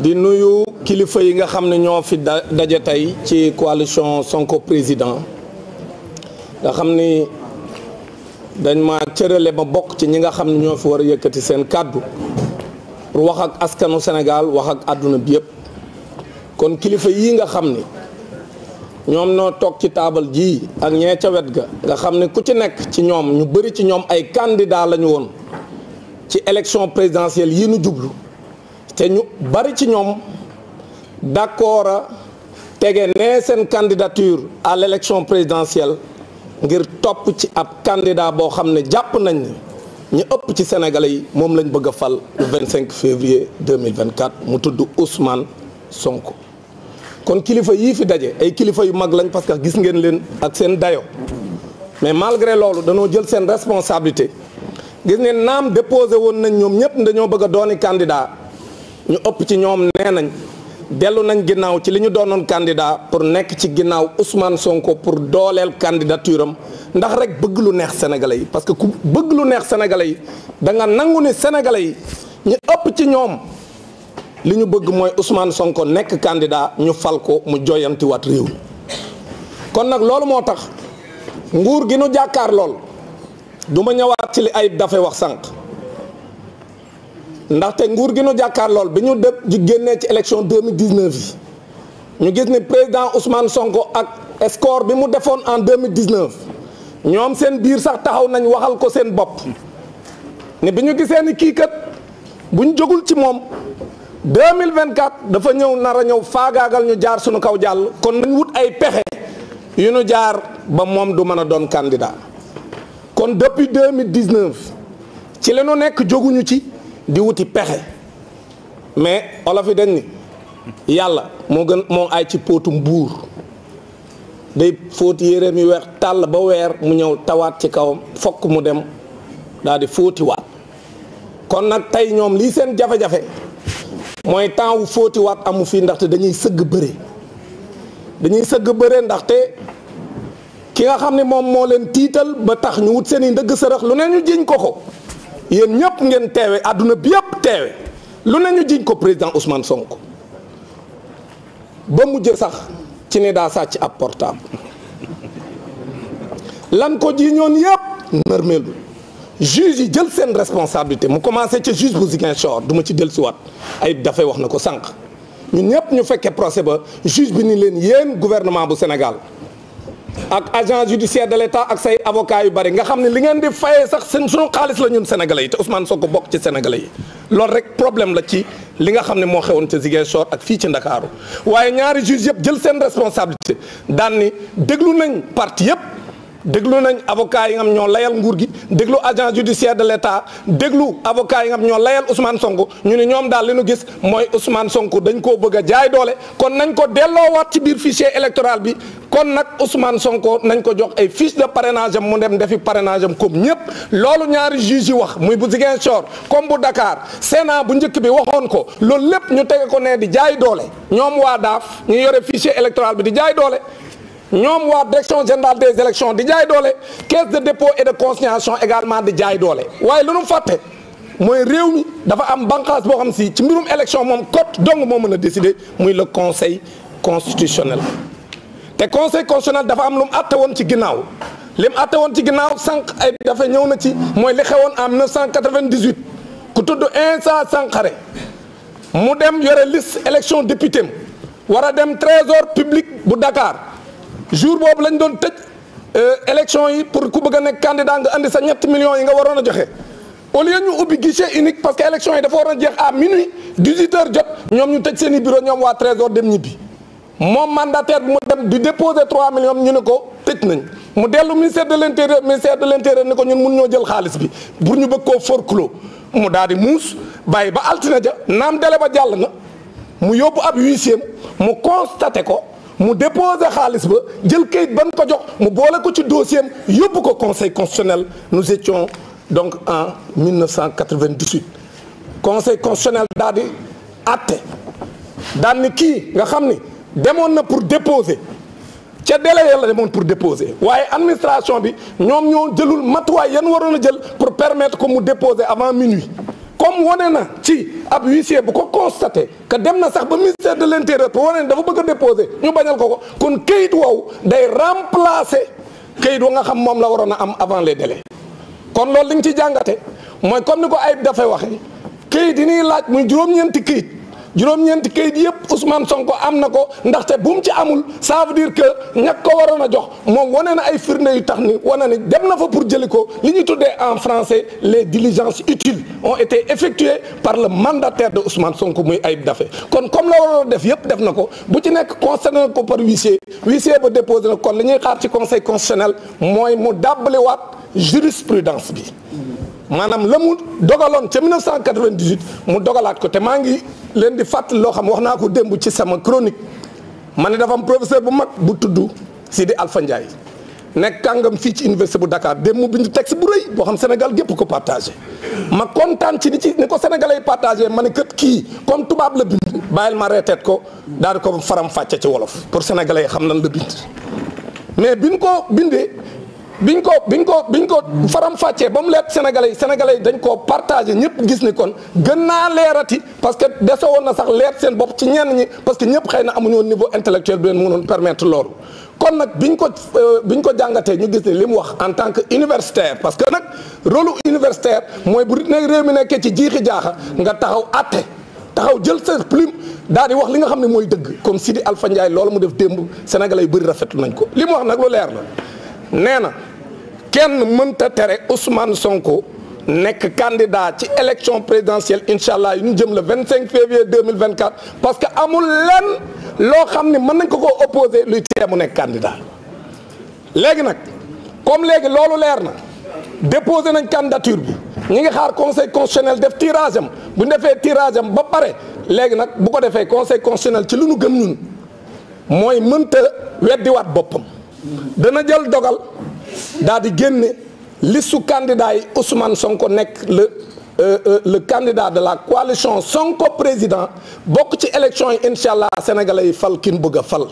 di nuyu kilifa yi nga xam ne ñoo fi daje tey ci coalition Sonko nga xam ni dañ ma cërale ma bokk ci ñi nga xam ne ñoo fi war a yëkkati seen kàddu pour wax ak askanu senegal wax ak àdduna bi yëpp kon kilifa yi nga xam ni ñoom noo toog ci taabal ji ak ñee ca wet ga nga xam ne ku ci nekk ci ñoom ñu bëri ci ñoom ay kandidaa lañu woon ci élection présidentielle yi nu jublu te ñu bari ci ñoom d'accord a tege nee seen candidature à l'élection présidentielle ngir topp ci ab candidat boo xam ne jàpp nañ ni ñu ëpp ci Sénégalais yi moom lañ bëgg a fal le 25 février 2024 mu tudd Ousmane Sonko kon kilifa yii fi daje ay kilifa yu mag lañ parce que gis ngeen leen ak seen dayo mais malgré loolu danoo jël seen responsabilité gis ngeen naam déposé woon nañ ñoom ñëpp dañoo bëgg a dooni candidat ñu ëpp ci ñoom nee nañ dellu nañ ginnaaw ci li ñu doonoon candidat pour nekk ci ginnaaw Ousmane Sonko pour dooleel candidature am ndax rek bëgg lu neex senegale yi parce que ku bëgg lu neex sénégalais yi da nga nangu ni sénégalais yi ñu ëpp ci ñoom li ñu bëgg mooy Ousmane Sonko nekk candidat ñu fal ko mu joyantiwaat réew mi kon nag loolu moo tax nguur gi nu jàkkaar lool du ma ñëwaat ci li ayib dafay wax sànq ndaxte nguur gi nu jàkkaar lool bi ñu dëpp ji génnee ci élection 2019 yi ñu gis ni président Ousmane Sonko ak score bi mu defoon en 2019 ñoom seen biir sax taxaw nañ waxal ko seen bopp ne bi ñu gisee ni kii kat bu ñu jógul ci moom 2024 dafa ñëw nar a ñëw faagaagal ñu jaar suñu kaw jàll kon nañ wut ay pexe yu ñu jaar ba moom du mën a doon candidat kon depuis 2019 ci la nekk jóguñu ci di wuti pexe mais olof yi dañ ni yàlla moo gën moo ay ci póotum buur day fóoti yéreem yu weex tàll ba weer mu ñëw tawaat ci kawam fokk mu dem daal di fóotiwaat kon nag tey ñoom lii seen jafe-jafe mooy temps wu fóotiwaat amu fii ndaxte dañuy sëgg bëre dañuy sëgg bëre ndaxte ki nga xam ne moom moo leen tiital ba tax ñu wut seen i ndëgg sërëx lu ne ñu jiñ ko ko yéen ñëpp ngeen teewe àdduna bi yëpp teewe lu ne ñu jiñ ko président Ousmane Sonko ba mujj sax ci ne daa sàcc ab portable lan ko jiñoon yëpp nërmeelu juge yi jël seen responsabilité mu commencé ci juge bu Ziguinchor du ma ci dellusiwaat ay dafay wax na ko sànq ñu ñëpp ñu fekkee procès ba juge bi ni leen yéen gouvernement bu Sénégal ak agent judiciaire de l'État ak say avocat yu bari nga xam ne li ngeen di fayee sax seen sunu xaalis la ñun sénégalais yi te Ousmane Sonko bokk ci sénégalais yi loolu rek problème la ci li nga xam ne moo xewoon ca Ziguinchor ak fii ci Ndakaaru waaye ñaari juge yëpp jël seen responsabilité daan ni déglu nañ partie yëpp. déglu nañ avocat yi nga xam ñoo layal nguur gi déglu agent judiciaire de l' état déglu avocat yi nga xam ñoo layal Ousmane Sonko ñu ne ñoom daal li ñu gis mooy Ousmane sonku dañ koo bëgg a jaay doole kon nañ ko delloowaat ci biir fichier électoral bi kon nag Ousmane Sonko nañ ko jox ay fiche de parrainage mu dem defi parrainage am comme ñëpp loolu ñaari juge yi wax muy bu Ziguinchor comme bu Dakar Sénat bu njëkk bi waxoon ko loolu lépp ñu tege ko nee di jaay doole ñoom waa daaf ñu yore fichier électoral bi di jaay doole ñoom waa direction générale des élections di jaay doole caisse de dépôt et de consignation également di jaay doole waaye lu nu fàtte mooy réew mi dafa am banqaas boo xam si ci mbirum élection moom cote dong moo mën a décider muy le conseil constitutionnel te conseil constitutionnel dafa am lu mu àtte woon ci ginnaaw li mu àtte woon ci ginnaaw sànq ay dafa ñëw na ci mooy li xewoon en 1998 ku tudd Insa Sankhare mu dem yore liste élection député m war a dem trésor public bu Dakar jour boobu lañ doon tëj euh, élection yi pour ku bëgg a nekk candidat nga andi sa ñetti millions yi nga waroon a joxe au lieu ñu ubbi guichet unique parce que élection yi dafa waroon a jeex à minuit 18 jot ñoom ñu tëj seen i bureau ñoom waa trésor dem ñibbi moom mandataire bi mu dem di déposer 3 millions ñu ne ko tëj nañ mu dellu mu de l' intérieur ministère de l' intérieur ni ko ñun mun ñoo jël xaalis bi pour ñu bëgg koo forclos mu daal di muus bàyyi ba altine ja naam dele ba jàll na mu yóbbu ab huissier mu constaté ko. mu déposé xaalis ba jël kayit ban ko jox mu boole ko ci dossier yóbbu ko conseil constitutionnel nous étions donc en 1998 conseil constitutionnel daal di àtte daan kii nga xam ni demoon na pour déposer ca délai la demoon pour déposer waaye administration bi ñoom ñoo jëlul matuwaay yan waroon a jël pour permettre ko mu déposer avant minuit. comme wane na ci ab huissier bu ko constaté que dem na sax ba ministère de l'intérieur pour wane ne dafa bëgg a déposer ñu bañal ko ko kon kayit woowu day remplacer kayit wa nga xam moom la waroon a am avant les délais kon loolu li ñu ci jàngate mooy comme ni ko ayib dafay waxee kayit yi ñuy laaj muy juróom-ñeenti kayit juróom-ñeenti kayit yëpp Ousmane Sonko am na ko ndaxte bu mu ci amul ça veut dire que ñag ko waroon a jox moom wane na ay firnde yu tax ni wane ni dem na fa pour jëli ko li ñu tuddee en français les diligences utiles ont été effectuées par le mandataire de Ousmane sonk muy Ayib Daffé kon comme la waroon a def yëpp def na ko bu ci nekk constaté na ko par huissier huissier ba déposé na kon la ñuy xaar ci conseil constitutionnel mooy mu dàbbaliwaat jurisprudence bi maanaam la mu dogaloon ca 1998 mu dogalaat ko te maa ngi leen di fàttali loo xam wax naa ko démb ci sama chronique ma ne dafa am professeur bu mag bu tudd Sidi Alpha Ndiaye nekk kàngam fii ci université bu Dakar démb mu bind texte bu rëy boo xam Sénégal gépp ko partagé ma kontaan ci ni ci ni ko sénégalais yi ma ne kët kii comme tubaab la bind bàyyil ma reeteet ko daal di ko faram fàcce ci wolof pour sénégalais yi xam nan la bind mais biñ ko bindee bi ñu ko ñu ko bi ñu ko faram fàccee ba mu leer sénégalais yi sénégalais yi dañ koo partage ñëpp gis ni kon gën naa leerati parce que dese woon na sax leer seen bopp ci ñeen ñi parce que ñëpp xëy na amuñoo niveau intellectuel bi leen mënoon permettre loolu. kon nag biñ ko euh, biñ ko jàngatee ñu gis ni li mu wax en tant que universitaire parce que nag rôle universitaire mooy bu ne réew mi nekkee ci jiixi jaaxa nga taxaw àtte taxaw jël sa plume daal di wax li nga xam ne mooy dëgg comme Sidi Alpha Ndiaye loolu mu def démb sénégalais yu bëri rafetlu nañ ko li mu wax nag lu leer la nee na. kenn mënta tere Ousmane Sonko nekk candidat ci élection présidentielle incha allah yu ñu jëm le 25 février 2024 parce que amul lenn loo xam ne mën nañ ko ko opposé luy tee mu nekk candidat léegi nag comme léegi loolu leer na déposé nañ candidature bi ñi ngi xaar conseil constitutionnel def tirage bu ñu defee tirage ba pare léegi nag bu ko defee conseil constitutionnel ci lu ñu gëm ñun mooy mënta weddiwaat boppam dana jël dogal daal di génne listu candidat yi Ousmane Sonko nekk le euh, euh, le candidat de la coalition Sonko président bokk ci élection yi incha allah sénégalais yi fal kin bëgg a fal.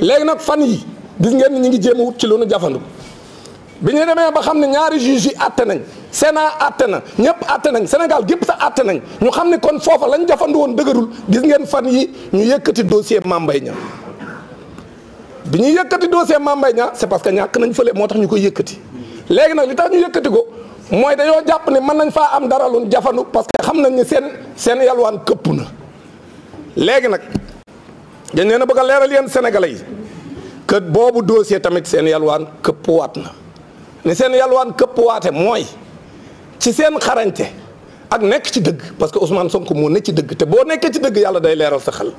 léegi nag fan yi gis ngeen ni ñu ngi jéem a ci loonu nu jafandu bi ñu demee ba xam ne ñaari juges yi nañ Sénat àtte na ñëpp àtte nañ Sénégal gépp sa àtte nañ ñu xam ne kon foofa lañ jafandu woon dëgërul gis ngeen fan yi ñu yëkkati dossier Mame yi ñam bi ñuy yëkkati dossier Mame Mbaye Niang c'est parce que ñàkk nañ fële moo tax ñu koy yëkkati léegi nag li tax ñu yëkkati ko mooy dañoo jàpp ne man nañ faa am dara lu jafandu parce que xam nañ ni seen seen yalwaan këpp na léegi nag dañ leen bëgg a leeral yéen sénégalais yi boobu dossier tamit seen yalwaan këppwaat na ni seen yalwaan këppwaate mooy ci seen xarañte ak nekk ci dëgg parce que Ousmane Sonko moo nekk ci dëgg te boo nekkee ci dëgg yàlla day leeral sa xel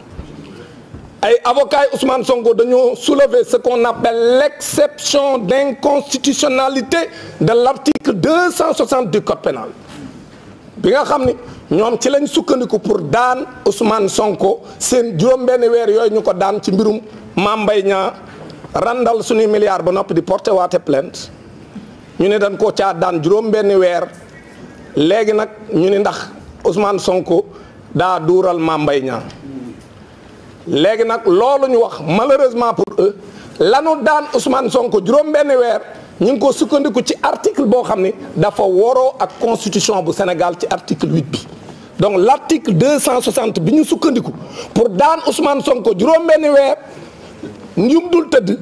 ay avocats Ousmane Sonko dañoo soulever ce qu'on appelle l'exception d'inconstitutionnalité de l'article 260 du code bi nga xam ni ñoom ci lañ sukkandiku pour daan Ousmane Sonko seen juróom-benn weer yooyu ñu ko daan ci mbirum Mame Mbaye Niang randal suñuy milliards ba noppi di porté waate plainte ñu ne dañ koo caa daan juróom-benn weer léegi nag ñu ni ndax Ousmane Sonko daa duural Mame Mbaye léegi nag loolu ñu wax malheureusement pour eux lanu daan Ousmane Sonko juróom-benn weer ñu ngi ko sukkandiku ci article boo xam ne dafa waroo ak constitution bu Sénégal ci article huit bi donc l' article deux cent soixante bi ñu sukkandiku pour daan Ousmane Sonko juróom-benn weer njum dul tëdd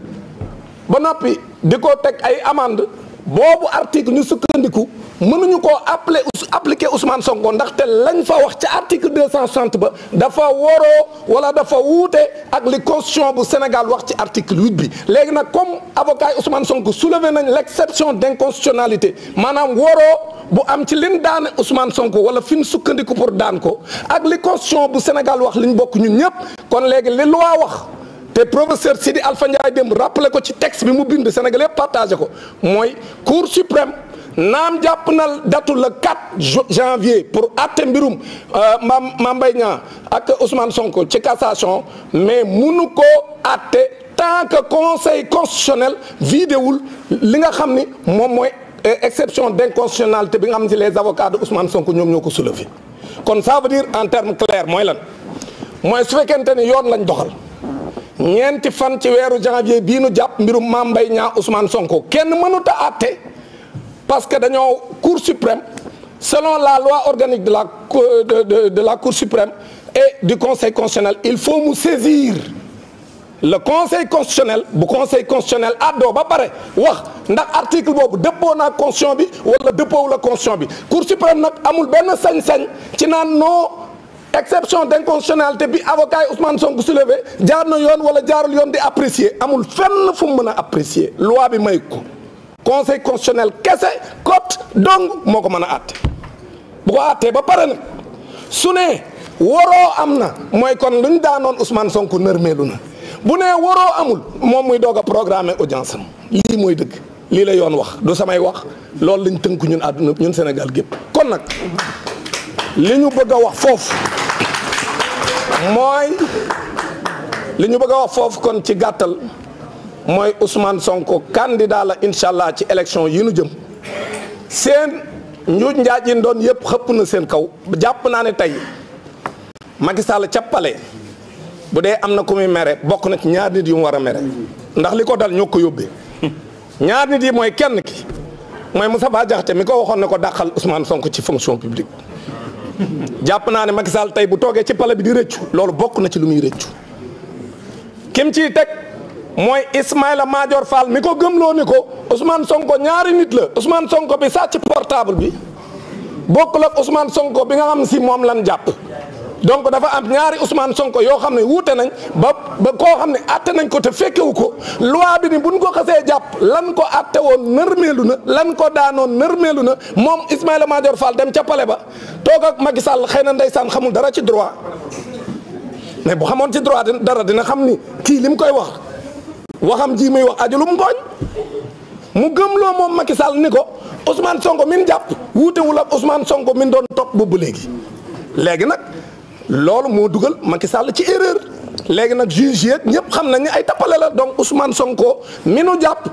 ba noppi di ko teg ay amende boobu article ñu sukkandiku. mënuñu koo appeler appliquer Ousmane Sonko ndaxte lañ fa wax ci article deux cent soixante ba dafa waroo wala dafa wuute ak li constitution bu Sénégal wax ci article huit bi léegi nag comme avocat Ousmane Sonko soulevé nañ l' exception d' inconstitutionnalité maanaam waroo bu am ci liñ daan Ousmane Sonko wala fi mu sukkandiku pour daan ko ak li constitution bu Sénégal wax liñ bokk ñun ñëpp kon léegi li loi wax. te professeur Sidi Alpha Ndiaye dem rappelé ko ci texte bi mu bind Sénégal partagé ko mooy Cour suprême. naam jàpp na datu le 4 janvier pour àtte mbirum euh, Mame Mame Mbaye Niang ak Ousmane Sonko ci cassation mais munu ko àtte tant que conseil constitutionnel vidéwul li nga xam ni moom mooy euh, exception d'inconstitutionnalité bi nga xam ne si les avocats Sonko ñoom ñoo ko soulevé kon ça veut dire en terme clair mooy lan mooy su fekkente ni yoon lañ doxal ñeenti fan ci weeru janvier bii nu jàpp mbirum Mame Mbaye Niang Ousmane Sonko kenn mënut a àtte parce que dañoo cour suprême selon la loi organique de la de, la cour suprême et du conseil constitutionnel il faut mu saisir le conseil constitutionnel bu conseil constitutionnel àddoo ba pare wax ndax article boobu dëppoo naa constitution bi wala dëppoowu la constitution bi cour suprême nag amul benn sañ-sañ ci naan non exception d'inconstitutionnalité bi avocat yi Ousmane Sonko jaar na yoon wala jaarul yoon di apprécier amul fenn fu mu mën a apprécier loi bi may ko. conseil constitutionnel kese cot dong moo ko mën a àtte bu ko àttee ba pare nag su ne waroo am na mooy kon lu ñu daanoon Ousmane Sonko nërmeelu na bu nee waroo amul moom muy doog a programmer audience am lii mooy dëgg lii la yoon wax du samay wax loolu lañ tënku ñun àdduna ñun Sénégal gépp kon nag li ñu bëgg a wax foofu mooy li ñu bëgg a wax foofu kon ci gàttal mooy Ousmane Sonko candidat la incha allah ci élection yi nu jëm seen njuuj njaaj yi doon yëpp xëpp na seen kaw jàpp naa ne tey Macky Sall pale bu dee am na ku muy mere bokk na ci ñaar nit yu mu war a mere ndax li ko dal ñoo ko yóbbee ñaar nit yi mooy kenn ki mooy Moustapha Diakhaté mi ko waxoon ne ko dàqal Ousmane Sonko ci fonction publique jàpp naa ne Macky Sall tey bu toogee ci pale bi di rëccu loolu bokk na ci lu muy rëccu kim ciy teg mooy Ismaïla Madior Fall mi ko gëmloo ni ko Ousmane Sonko ñaari nit la Ousmane Sonko bi sàcc portable bi bokkul ak Ousmane Sonko bi nga xam si moom lan jàpp donc dafa am ñaari Ousmane Sonko yoo xam ne wuute nañ ba ba koo xam ne atte nañ ko te fekkewu ko loi bi ni buñ ko xasee jàpp lan ko atte woon nërmeelu na lan ko daanoon nërmeelu na moom Ismaïla Madior Fall dem cappale ba toog ak Macky Sall xëy na ndeysaan xamul dara ci droit mais bu xamoon ci droit dara dina xam ni kii li mu koy wax. waxam jii muy wax ajalum ngooñ mu gëmloo moom Macky Sall ni ko Ousmane Sonko min jàpp wuutewul ak Ousmane Sonko min doon topp boobu léegi léegi nag loolu moo dugal Macky Sall ci erreur léegi nag juge yeeg ñëpp xam nañ ne ay tappale la donc Ousmane Sonko minu jàpp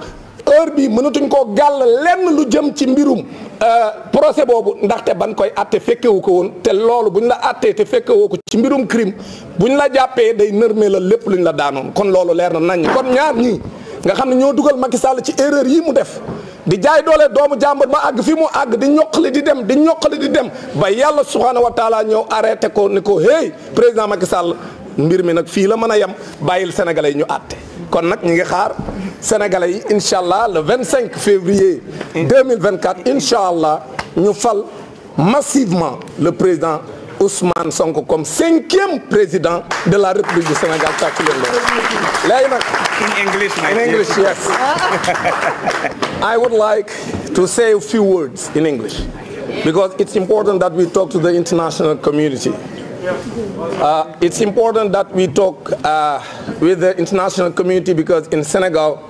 heure bi mënatuñ koo gàll lenn lu jëm ci mbirum euh, procès boobu ndaxte ban koy atte fekkewu ko woon te loolu buñ la attee te fekkewoo ko ci mbirum crime buñ la jàppee day nërmee la lépp luñ la daanoon kon loolu leer na nañ kon ñaar ñi nga xam ne ñoo dugal Macky Sall ci erreur yi mu def di jaay doole doomu jàmbur ba àgg fi mu àgg di ñoqali di dem di ñoqali di dem ba yàlla subhaanahu wa taala ñëw arrêté ko ni ko hey président Macky Sall mbir mi nag fii la mën a yem bàyyil sénégalais yi ñu àtte kon sénégalais yi incha allah le 25 février 2024 incha allah ñu fal massivement le président Ousmane Sonko comme cinquième président de la République du Sénégal tàccu leen loolu léegi nag in English in English yes I would like to say a few words in English because it's important to the international community uh, it's important that we talk uh, with the international community in Senegal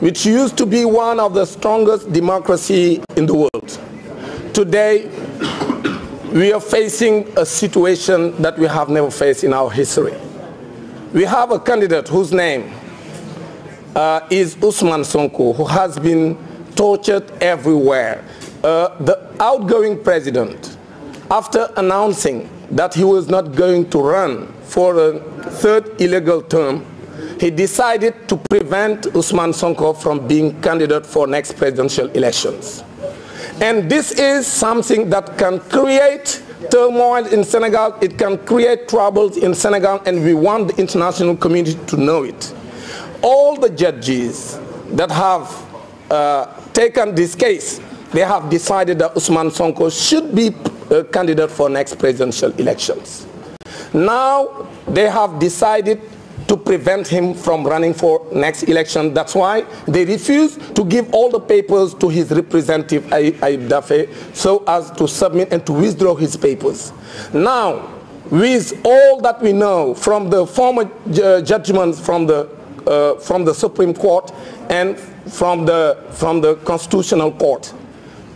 which used to be one of the strongest democracy in the world. Today, we are facing a situation that we never faced in our history. We have a candidate whose name uh, is Usman Sonko, who has been tortured everywhere. Uh, the outgoing president, after announcing that he was not going to run for a third illegal term, he decided to prevent Usman Sonko from being candidate for next presidential elections. And this is something that can create turmoil in Senegal, it can create troubles in Senegal, and we want the international community to know it. All the judges that have uh, taken this case, they have decided that Usman Sonko should be uh, candidate for next presidential elections. Now they have decided to prevent him from running for next election. That's why they refuse to give all the papers to his representative, Ayib Dafe, so as to submit and to withdraw his papers. Now, with all that we know from the former uh, judgments from the, uh, from the Supreme Court and from the, from the Constitutional Court,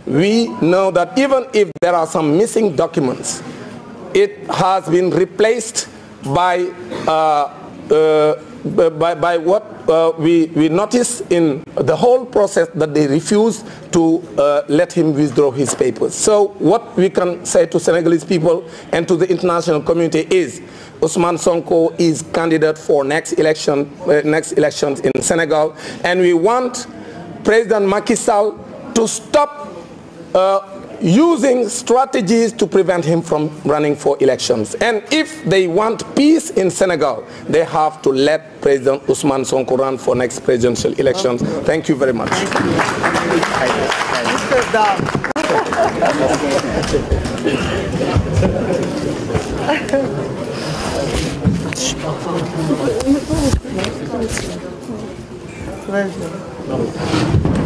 we know that even if there are some missing documents, it has been replaced by uh, Uh, by, by what uh, we, we notice in the whole process that they refuse to uh, let him withdraw his papers. So what we can say to Senegalese people and to the international community is Ousmane Sonko is candidate for next election, next elections in Senegal, and we want President Macky Sall to stop uh, using strategies to prevent him from running for elections. And if they want peace in Senegal, they have to let President Ousmane Sonko run for next presidential elections. Okay. Thank you very much. Thank you. Mr. Dam. Pleasure.